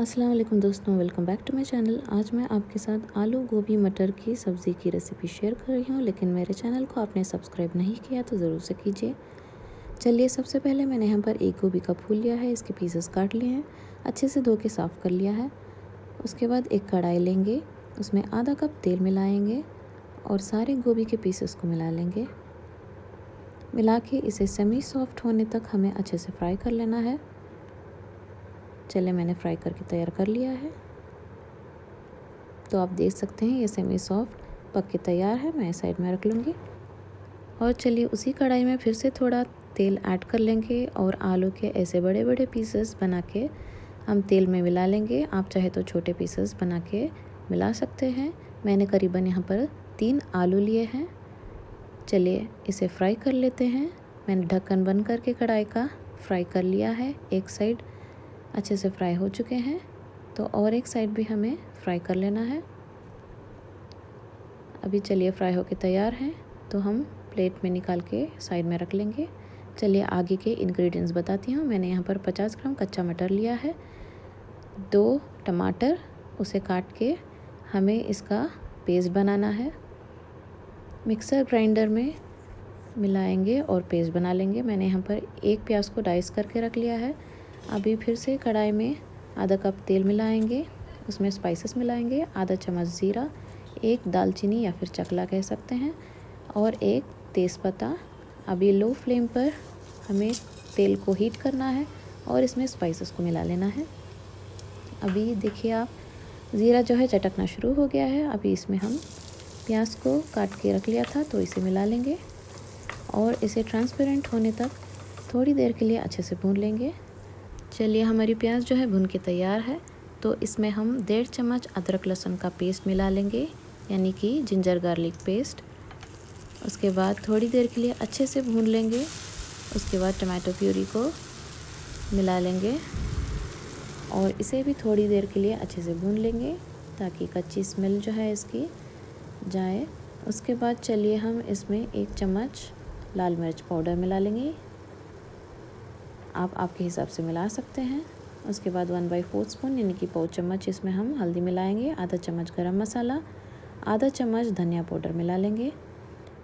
अस्सलाम वालेकुम दोस्तों welcome back to my channel आज मैं आपके साथ आलू गोभी मटर की सब्ज़ी की रेसिपी शेयर कर रही हूँ लेकिन मेरे चैनल को आपने सब्सक्राइब नहीं किया तो ज़रूर से कीजिए चलिए सबसे पहले मैंने यहाँ पर एक गोभी का फूल लिया है इसके पीसेस काट लिए हैं अच्छे से धो के साफ़ कर लिया है उसके बाद एक कढ़ाई लेंगे उसमें आधा कप तेल मिलाएँगे और सारे गोभी के पीसेस को मिला लेंगे मिला के इसे सेमी सॉफ्ट होने तक हमें अच्छे से फ्राई कर लेना है चले मैंने फ्राई करके तैयार कर लिया है तो आप देख सकते हैं ये सेमी सॉफ्ट पक के तैयार है मैं साइड में रख लूँगी और चलिए उसी कढ़ाई में फिर से थोड़ा तेल ऐड कर लेंगे और आलू के ऐसे बड़े बड़े पीसेस बना के हम तेल में मिला लेंगे आप चाहे तो छोटे पीसेस बना के मिला सकते हैं मैंने करीबन यहाँ पर तीन आलू लिए हैं चलिए इसे फ्राई कर लेते हैं मैंने ढक्कन बंद करके कढ़ाई का फ्राई कर लिया है एक साइड अच्छे से फ्राई हो चुके हैं तो और एक साइड भी हमें फ्राई कर लेना है अभी चलिए फ्राई होके तैयार हैं तो हम प्लेट में निकाल के साइड में रख लेंगे चलिए आगे के इंग्रेडिएंट्स बताती हूँ मैंने यहाँ पर 50 ग्राम कच्चा मटर लिया है दो टमाटर उसे काट के हमें इसका पेस्ट बनाना है मिक्सर ग्राइंडर में मिलाएंगे और पेस्ट बना लेंगे मैंने यहाँ पर एक प्याज को डाइस करके रख लिया है अभी फिर से कढ़ाई में आधा कप तेल मिलाएंगे उसमें स्पाइसेस मिलाएंगे आधा चम्मच ज़ीरा एक दालचीनी या फिर चकला कह सकते हैं और एक तेज़पत्ता अभी लो फ्लेम पर हमें तेल को हीट करना है और इसमें स्पाइसेस को मिला लेना है अभी देखिए आप ज़ीरा जो है चटकना शुरू हो गया है अभी इसमें हम प्याज को काट के रख लिया था तो इसे मिला लेंगे और इसे ट्रांसपेरेंट होने तक थोड़ी देर के लिए अच्छे से भून लेंगे चलिए हमारी प्याज जो है भुन के तैयार है तो इसमें हम डेढ़ चम्मच अदरक लहसुन का पेस्ट मिला लेंगे यानी कि जिंजर गार्लिक पेस्ट उसके बाद थोड़ी देर के लिए अच्छे से भून लेंगे उसके बाद टमाटो प्यूरी को मिला लेंगे और इसे भी थोड़ी देर के लिए अच्छे से भून लेंगे ताकि कच्ची स्मेल जो है इसकी जाए उसके बाद चलिए हम इसमें एक चम्मच लाल मिर्च पाउडर मिला लेंगे आप आपके हिसाब से मिला सकते हैं उसके बाद वन बाई फोर स्पून यानी कि पाँच चम्मच इसमें हम हल्दी मिलाएंगे आधा चम्मच गरम मसाला आधा चम्मच धनिया पाउडर मिला लेंगे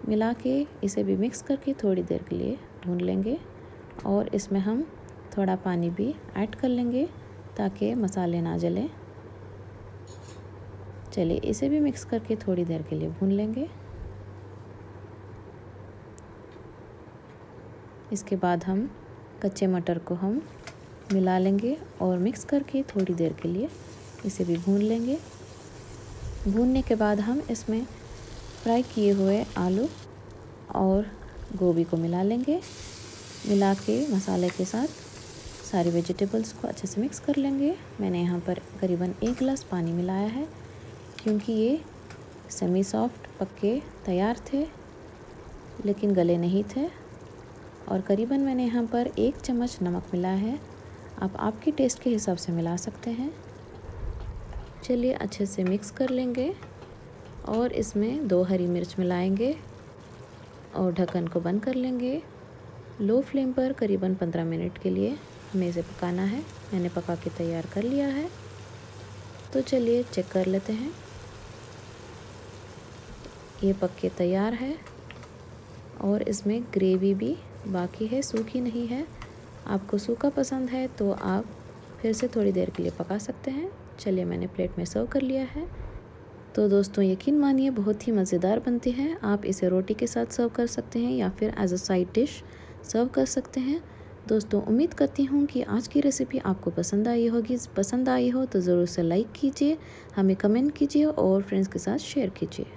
मिला के इसे भी मिक्स करके थोड़ी देर के लिए ढूंढ लेंगे और इसमें हम थोड़ा पानी भी ऐड कर लेंगे ताकि मसाले ना जलें चलिए इसे भी मिक्स करके थोड़ी देर के लिए भून लेंगे इसके बाद हम कच्चे मटर को हम मिला लेंगे और मिक्स करके थोड़ी देर के लिए इसे भी भून लेंगे भूनने के बाद हम इसमें फ्राई किए हुए आलू और गोभी को मिला लेंगे मिला के मसाले के साथ सारी वेजिटेबल्स को अच्छे से मिक्स कर लेंगे मैंने यहाँ पर करीबन एक गिलास पानी मिलाया है क्योंकि ये सेमी सॉफ्ट पक्के तैयार थे लेकिन गले नहीं थे और करीबन मैंने यहाँ पर एक चम्मच नमक मिला है आप आपके टेस्ट के हिसाब से मिला सकते हैं चलिए अच्छे से मिक्स कर लेंगे और इसमें दो हरी मिर्च मिलाएंगे और ढक्कन को बंद कर लेंगे लो फ्लेम पर करीबन पंद्रह मिनट के लिए हमें इसे पकाना है मैंने पका के तैयार कर लिया है तो चलिए चेक कर लेते हैं ये पक के तैयार है और इसमें ग्रेवी भी बाकी है सूखी नहीं है आपको सूखा पसंद है तो आप फिर से थोड़ी देर के लिए पका सकते हैं चलिए मैंने प्लेट में सर्व कर लिया है तो दोस्तों यकीन मानिए बहुत ही मज़ेदार बनती है आप इसे रोटी के साथ सर्व कर सकते हैं या फिर as a side dish serve कर सकते हैं दोस्तों उम्मीद करती हूँ कि आज की रेसिपी आपको पसंद आई होगी पसंद आई हो तो ज़रूर से लाइक कीजिए हमें कमेंट कीजिए और फ्रेंड्स के साथ शेयर कीजिए